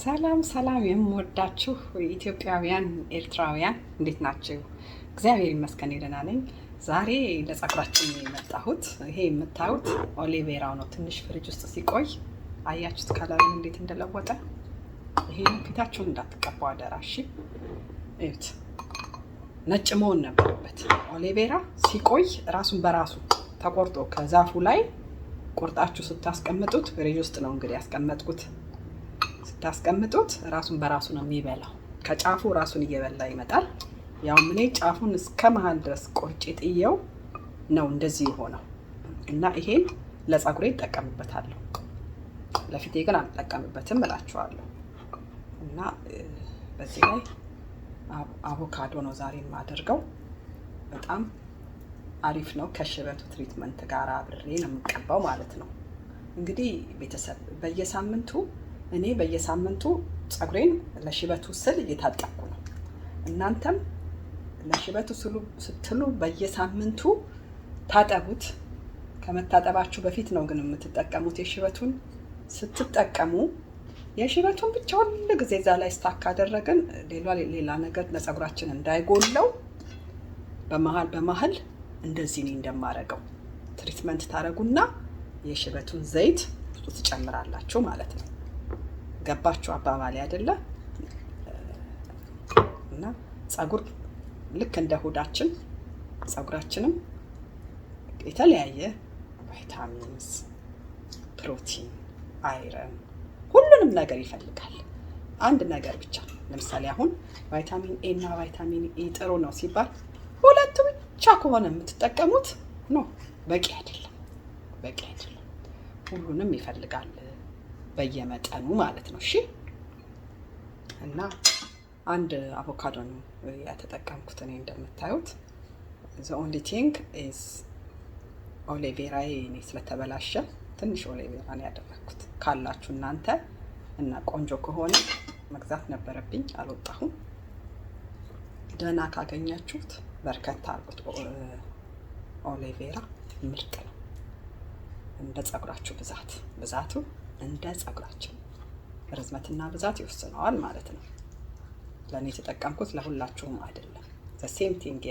ሰላም ሰላም የምወዳችሁ ኢትዮጵያውያን ኤርትራውያን እንዴት ናችሁ? እግዚአብሔር ይመስገን ደህና ነኝ። ዛሬ ለጸጉራችን የመጣሁት ይሄ የምታዩት ኦሊቬራው ነው። ትንሽ ፍሪጅ ውስጥ ሲቆይ አያችሁት ከለሩን እንዴት እንደለወጠ። ይሄ ፊታችሁን እንዳትቀቡ አደራ እሺ። እዩት፣ ነጭ መሆን ነበረበት። ኦሊቬራ ሲቆይ ራሱን በራሱ ተቆርጦ ከዛፉ ላይ ቁርጣችሁ ስታስቀምጡት ፍሪጅ ውስጥ ነው እንግዲህ ያስቀመጥኩት ስታስቀምጡት ራሱን በራሱ ነው የሚበላው። ከጫፉ ራሱን እየበላ ይመጣል። ያው እኔ ጫፉን እስከ መሀል ድረስ ቆርጬ ጥየው ነው እንደዚህ የሆነው እና ይሄን ለፀጉሬ ይጠቀምበታለሁ። ለፊቴ ግን አልጠቀምበትም እላችኋለሁ። እና በዚህ ላይ አቮካዶ ነው ዛሬ የማደርገው። በጣም አሪፍ ነው። ከሽበቱ ትሪትመንት ጋር አብሬ ነው የምቀባው ማለት ነው። እንግዲህ ቤተሰብ በየሳምንቱ እኔ በየሳምንቱ ፀጉሬን ለሽበቱ ስል እየታጠብኩ ነው። እናንተም ለሽበቱ ስትሉ በየሳምንቱ ታጠቡት። ከመታጠባችሁ በፊት ነው ግን የምትጠቀሙት የሽበቱን። ስትጠቀሙ የሽበቱን ብቻ ሁሉ ጊዜ እዛ ላይ ስታክ ሌላ ሌላ ነገር ለፀጉራችን እንዳይጎለው በመሀል በመሀል እንደዚህ እኔ እንደማረገው ትሪትመንት ታረጉና የሽበቱን ዘይት ውስጡ ትጨምራላችሁ ማለት ነው። ገባችሁ አባባል አይደለ? እና ጸጉር ልክ እንደ ሆዳችን ጸጉራችንም የተለያየ ቫይታሚንስ፣ ፕሮቲን፣ አይረን ሁሉንም ነገር ይፈልጋል። አንድ ነገር ብቻ ለምሳሌ አሁን ቫይታሚን ኤ እና ቫይታሚን ኢ ጥሩ ነው ሲባል ሁለቱ ብቻ ከሆነ የምትጠቀሙት ነው በቂ አይደለም፣ በቂ አይደለም። ሁሉንም ይፈልጋል። በየመጠኑ ማለት ነው። እሺ እና አንድ አቮካዶ ነው ያተጠቀምኩት እኔ እንደምታዩት። ዘ ኦንሊ ቲንግ ኢዝ ኦሊቬራ እኔ ስለተበላሸ ትንሽ ኦሊቬራ ነው ያደረግኩት። ካላችሁ እናንተ እና ቆንጆ ከሆነ መግዛት ነበረብኝ አልወጣሁም። ደህና ካገኛችሁት በርከት አርጉት። ኦሊቬራ ምርጥ ነው እንደ ጸጉራችሁ ብዛት ብዛቱ እንደ ጸጉራችን ርዝመትና ብዛት ይወስነዋል ማለት ነው። ለእኔ የተጠቀምኩት ለሁላችሁም አይደለም። ዘሴም ቲንግ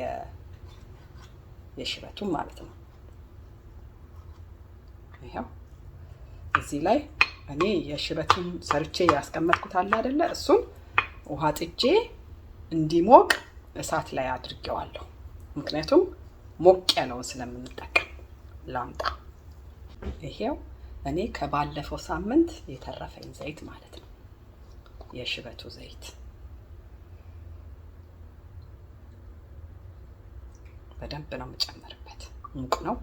የሽበቱም ማለት ነው። ይኸው እዚህ ላይ እኔ የሽበቱን ሰርቼ ያስቀመጥኩት አለ አይደለ? እሱን ውሃ ጥጄ እንዲሞቅ እሳት ላይ አድርጌዋለሁ። ምክንያቱም ሞቅ ያለውን ስለምንጠቀም ላምጣ ይሄው እኔ ከባለፈው ሳምንት የተረፈኝ ዘይት ማለት ነው፣ የሽበቱ ዘይት በደንብ ነው የምጨምርበት። ሙቅ ነው፣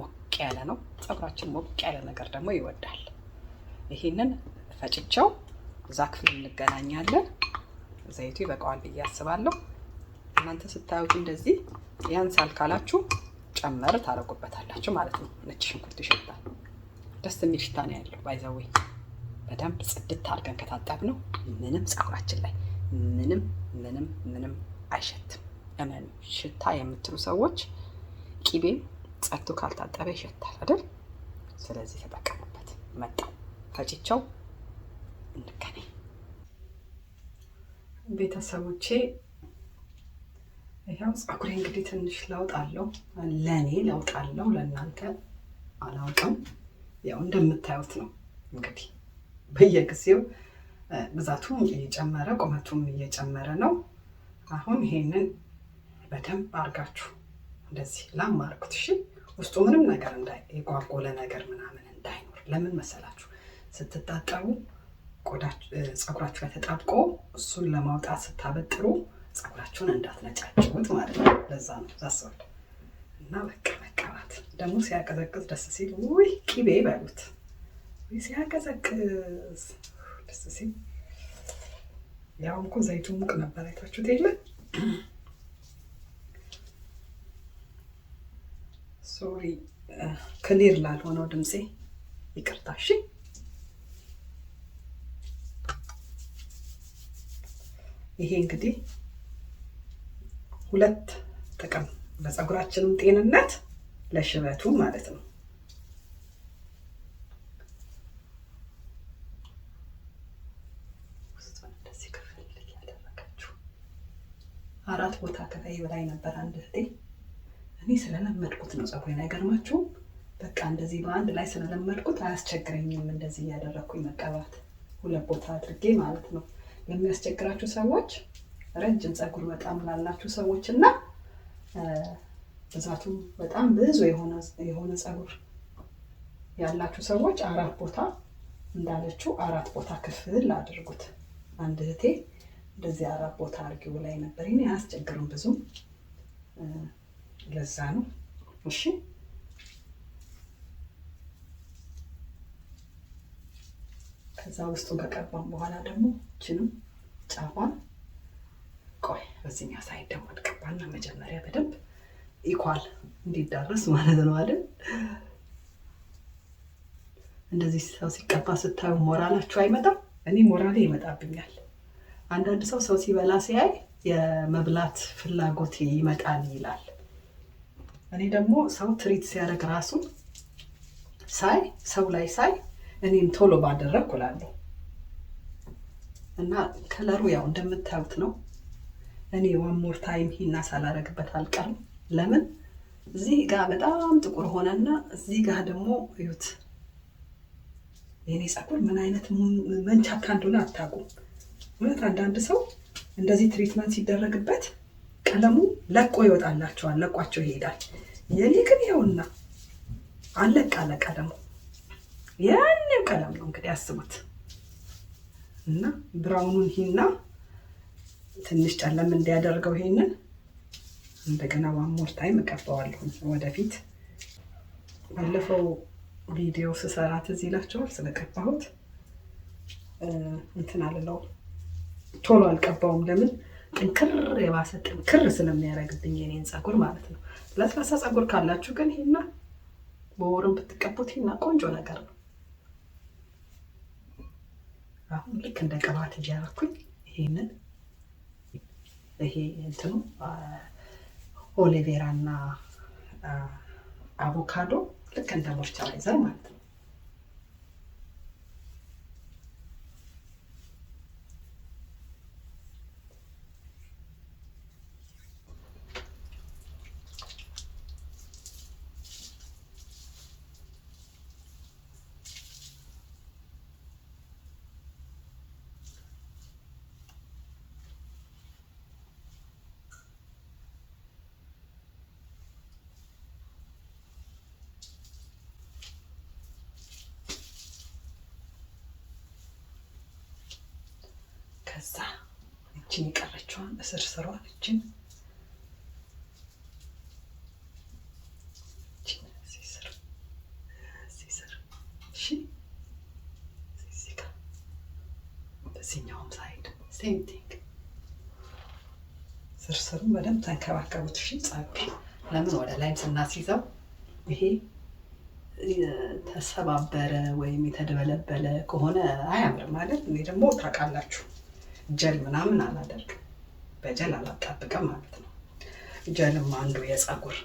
ሞቅ ያለ ነው። ጸጉራችን ሞቅ ያለ ነገር ደግሞ ይወዳል። ይህንን ፈጭቸው እዛ ክፍል እንገናኛለን። ዘይቱ ይበቃዋል ብዬ አስባለሁ። እናንተ ስታዩት እንደዚህ ያንሳል ካላችሁ ጨመር ታደርጉበታላችሁ ማለት ነው። ነጭ ሽንኩርት ይሸጣል። ደስ የሚል ሽታ ነው ያለው። ባይዘዌ በደንብ ጽድት አድርገን ከታጠብ ነው ምንም ፀጉራችን ላይ ምንም ምንም ምንም አይሸትም። እመኑ። ሽታ የምትሉ ሰዎች ቂቤም ጸድቶ ካልታጠበ ይሸታል አይደል? ስለዚህ ተጠቀሙበት። መጣው ፈጭቸው እንገናኝ ቤተሰቦቼ። ይኸው ፀጉሬ እንግዲህ ትንሽ ለውጥ አለው ለእኔ ለውጥ አለው፣ ለእናንተ አላውቅም። ያው እንደምታዩት ነው እንግዲህ በየጊዜው ብዛቱም እየጨመረ ቁመቱም እየጨመረ ነው። አሁን ይሄንን በደንብ አርጋችሁ እንደዚህ ላም አርጉት። እሺ ውስጡ ምንም ነገር እንዳይ የጓጎለ ነገር ምናምን እንዳይኖር። ለምን መሰላችሁ? ስትታጠቡ ፀጉራችሁ ላይ ተጣብቆ እሱን ለማውጣት ስታበጥሩ ፀጉራችሁን እንዳትነጫጭቁት ማለት ነው። ለዛ ነው ዛስወል እና በቃ በቃ ደግሞ ሲያቀዘቅዝ ደስ ሲል ውይ ቂቤ ይበሉት ሲያቀዘቅዝ ደስ ሲል። ያው እኮ ዘይቱ ሙቅ ነበር አይታችሁት የለ ሶሪ ክሊር ላልሆነው ድምፄ ይቅርታ እሺ። ይሄ እንግዲህ ሁለት ጥቅም ለፀጉራችንም ጤንነት ለሽበቱ ማለት ነው። አራት ቦታ ከላይ በላይ ነበር አንድ እህቴ። እኔ ስለለመድኩት ነው ጸጉሬን፣ አይገርማችሁም? በቃ እንደዚህ በአንድ ላይ ስለለመድኩት አያስቸግረኝም። እንደዚህ እያደረግኩኝ መቀባት ሁለት ቦታ አድርጌ ማለት ነው። ለሚያስቸግራችሁ ሰዎች ረጅም ጸጉር በጣም ላላችሁ ሰዎች እና ብዛቱም በጣም ብዙ የሆነ ፀጉር ያላችሁ ሰዎች አራት ቦታ እንዳለችው አራት ቦታ ክፍል አድርጉት። አንድ እህቴ እንደዚህ አራት ቦታ አድርጊው ላይ ነበር። ይኔ አያስቸግርም ብዙ ለዛ ነው። እሺ ከዛ ውስጡ ከቀባም በኋላ ደግሞ ችንም ጫፏን ቆይ በዚህኛ ሳይድ ደግሞ መጀመሪያ በደንብ ኢኳል እንዲዳረስ ማለት ነው አይደል? እንደዚህ ሰው ሲቀባ ስታዩ ሞራላችሁ አይመጣም? እኔ ሞራሌ ይመጣብኛል። አንዳንድ ሰው ሰው ሲበላ ሲያይ የመብላት ፍላጎት ይመጣል ይላል። እኔ ደግሞ ሰው ትሪት ሲያደርግ ራሱ ሳይ ሰው ላይ ሳይ እኔም ቶሎ ባደረግ እላለሁ። እና ከለሩ ያው እንደምታዩት ነው። እኔ ዋን ሞር ታይም ሂና ሳላረግበት አልቀርም። ለምን እዚህ ጋር በጣም ጥቁር ሆነና እዚህ ጋር ደግሞ እዩት። የኔ ፀጉር ምን አይነት መንቻካ እንደሆነ አታውቁም። እውነት አንዳንድ ሰው እንደዚህ ትሪትመንት ሲደረግበት ቀለሙ ለቆ ይወጣላቸዋል፣ ለቋቸው ይሄዳል። የኔ ግን ይኸውና አለቃለ ቀለሙ ያንን ቀለም ነው እንግዲህ አስቡት። እና ብራውኑን ሂና ትንሽ ጨለም እንዲያደርገው ይሄንን እንደገና ዋን ሞር ታይም እቀባዋለሁ ወደፊት። ባለፈው ቪዲዮ ስሰራ ትዝ ይላቸዋል ስለቀባሁት እንትን አልለው ቶሎ አልቀባውም። ለምን ጥንክር የባሰ ጥንክር ስለሚያደርግብኝ የኔን ፀጉር ማለት ነው። ለስላሳ ፀጉር ካላችሁ ግን ይሄና በወርም ብትቀቡት ይሄና ቆንጆ ነገር ነው። አሁን ልክ እንደ ቅባት እያደረኩኝ ይሄንን ይሄ እንትኑ ኦሊቬራ እና አቮካዶ ልክ እንደ ሞይስቸራይዘር ማለት ነው። ከዛ እችን የቀረችዋን እስር ስሯን እችን በዚህኛውም ሳይድ ሴም ቲንግ ስርስሩን በደንብ ተንከባከቡት። እሺ ጸቢ ለምን ወደ ላይም ስናስይዘው ይሄ ተሰባበረ ወይም የተደበለበለ ከሆነ አያምርም ማለት እኔ ደግሞ ታውቃላችሁ ጀል ምናምን አላደርግም፣ በጀል አላጣብቅም ማለት ነው። ጀልም አንዱ የፀጉር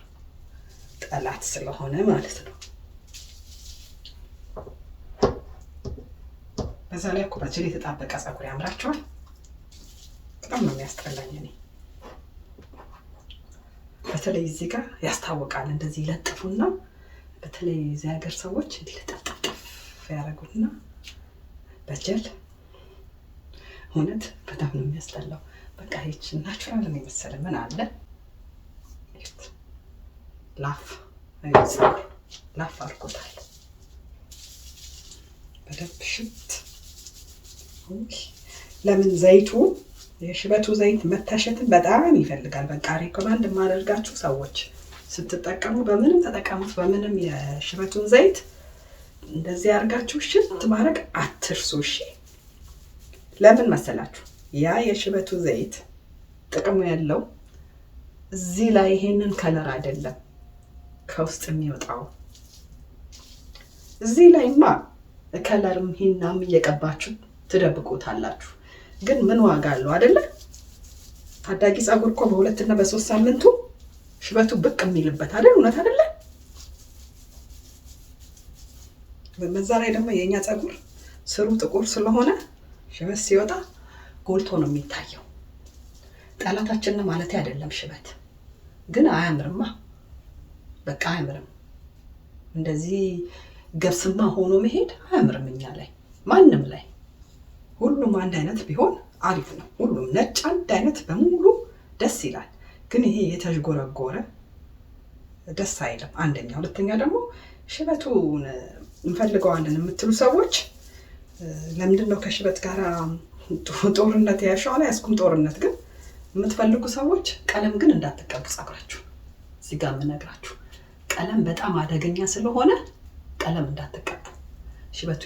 ጠላት ስለሆነ ማለት ነው። በዛ ላይ እኮ በጀል የተጣበቀ ፀጉር ያምራቸዋል። በጣም ነው የሚያስጠላኝ እኔ በተለይ እዚህ ጋር ያስታወቃል። እንደዚህ ይለጥፉና በተለይ እዚህ ሀገር ሰዎች እንዲህ ለጠፍጠፍ ያደረጉና በጀል እውነት በጣም ነው የሚያስጠላው። በቃ ይች ናቹራል ነው የመሰለ ምን አለ ላፍ ላፍ አድርጎታል። በደንብ ሽት ለምን ዘይቱ የሽበቱ ዘይት መታሸትን በጣም ይፈልጋል። በቃ ሪኮማንድ የማደርጋችሁ ሰዎች ስትጠቀሙ በምንም ተጠቀሙት፣ በምንም የሽበቱን ዘይት እንደዚህ አድርጋችሁ ሽት ማድረግ አትርሱ እሺ። ለምን መሰላችሁ? ያ የሽበቱ ዘይት ጥቅሙ ያለው እዚህ ላይ ይሄንን ከለር አይደለም ከውስጥ የሚወጣው። እዚህ ላይማ ከለርም ሂናም እየቀባችሁ ትደብቁታላችሁ። ግን ምን ዋጋ አለው አደለ? ታዳጊ ፀጉር እኮ በሁለትና በሶስት ሳምንቱ ሽበቱ ብቅ የሚልበት አይደል? እውነት አደለ? በዛ ላይ ደግሞ የእኛ ፀጉር ስሩ ጥቁር ስለሆነ ሽበት ሲወጣ ጎልቶ ነው የሚታየው። ጠላታችንን ማለት አይደለም ሽበት ግን አያምርማ። በቃ አያምርም። እንደዚህ ገብስማ ሆኖ መሄድ አያምርም። እኛ ላይ ማንም ላይ ሁሉም አንድ አይነት ቢሆን አሪፍ ነው። ሁሉም ነጭ አንድ አይነት በሙሉ ደስ ይላል። ግን ይሄ የተዥጎረጎረ ደስ አይልም። አንደኛ። ሁለተኛ ደግሞ ሽበቱን እንፈልገዋለን የምትሉ ሰዎች ለምንድን ነው ከሽበት ጋር ጦርነት ያያሸው? ያስኩም ጦርነት ግን የምትፈልጉ ሰዎች ቀለም ግን እንዳትቀቡ ጸጉራችሁ። እዚህ ጋር የምነግራችሁ ቀለም በጣም አደገኛ ስለሆነ ቀለም እንዳትቀቡ። ሽበቱ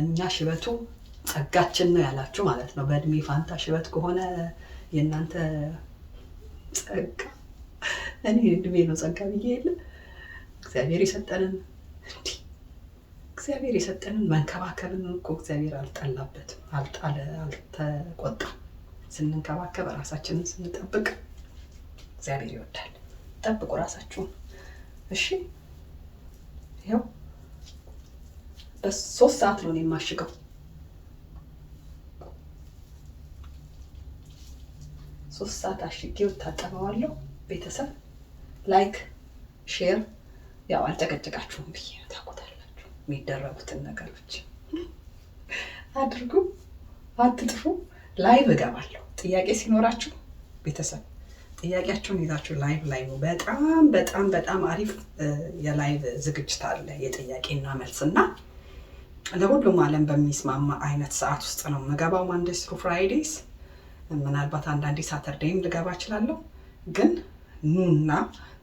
እኛ ሽበቱ ጸጋችን ነው ያላችሁ ማለት ነው። በእድሜ ፋንታ ሽበት ከሆነ የእናንተ ጸጋ። እኔ እድሜ ነው ጸጋ ብዬ የለ እግዚአብሔር የሰጠንን እግዚአብሔር የሰጠንን መንከባከብን እኮ እግዚአብሔር አልጠላበትም፣ አልጣለ፣ አልተቆጣም። ስንንከባከብ ራሳችንን ስንጠብቅ እግዚአብሔር ይወዳል። ጠብቁ ራሳችሁን። እሺ ይኸው በሶስት ሰዓት ነው የማሽገው። ሶስት ሰዓት አሽጌው ታጠበዋለሁ። ቤተሰብ ላይክ ሼር፣ ያው አልጨቀጨቃችሁም ብዬ ታቆታል። የሚደረጉትን ነገሮች አድርጉ፣ አትጥፉ። ላይቭ እገባለሁ። ጥያቄ ሲኖራችሁ ቤተሰብ ጥያቄያችሁን ይዛችሁ ላይቭ ላይ ነው። በጣም በጣም በጣም አሪፍ የላይቭ ዝግጅት አለ፣ የጥያቄና መልስ እና ለሁሉም ዓለም በሚስማማ አይነት ሰዓት ውስጥ ነው የምገባው። ማንዴስ ቱ ፍራይዴስ፣ ምናልባት አንዳንዴ ሳተርዴይም ልገባ እችላለሁ ግን ኑና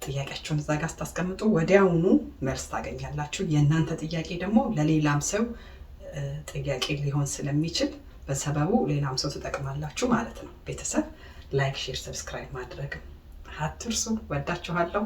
ጥያቄያቸውን እዛ ጋር ስታስቀምጡ ወዲያውኑ መልስ ታገኛላችሁ። የእናንተ ጥያቄ ደግሞ ለሌላም ሰው ጥያቄ ሊሆን ስለሚችል በሰበቡ ሌላም ሰው ትጠቅማላችሁ ማለት ነው። ቤተሰብ ላይክ፣ ሼር፣ ሰብስክራይብ ማድረግ አትርሱ። ወዳችኋለሁ።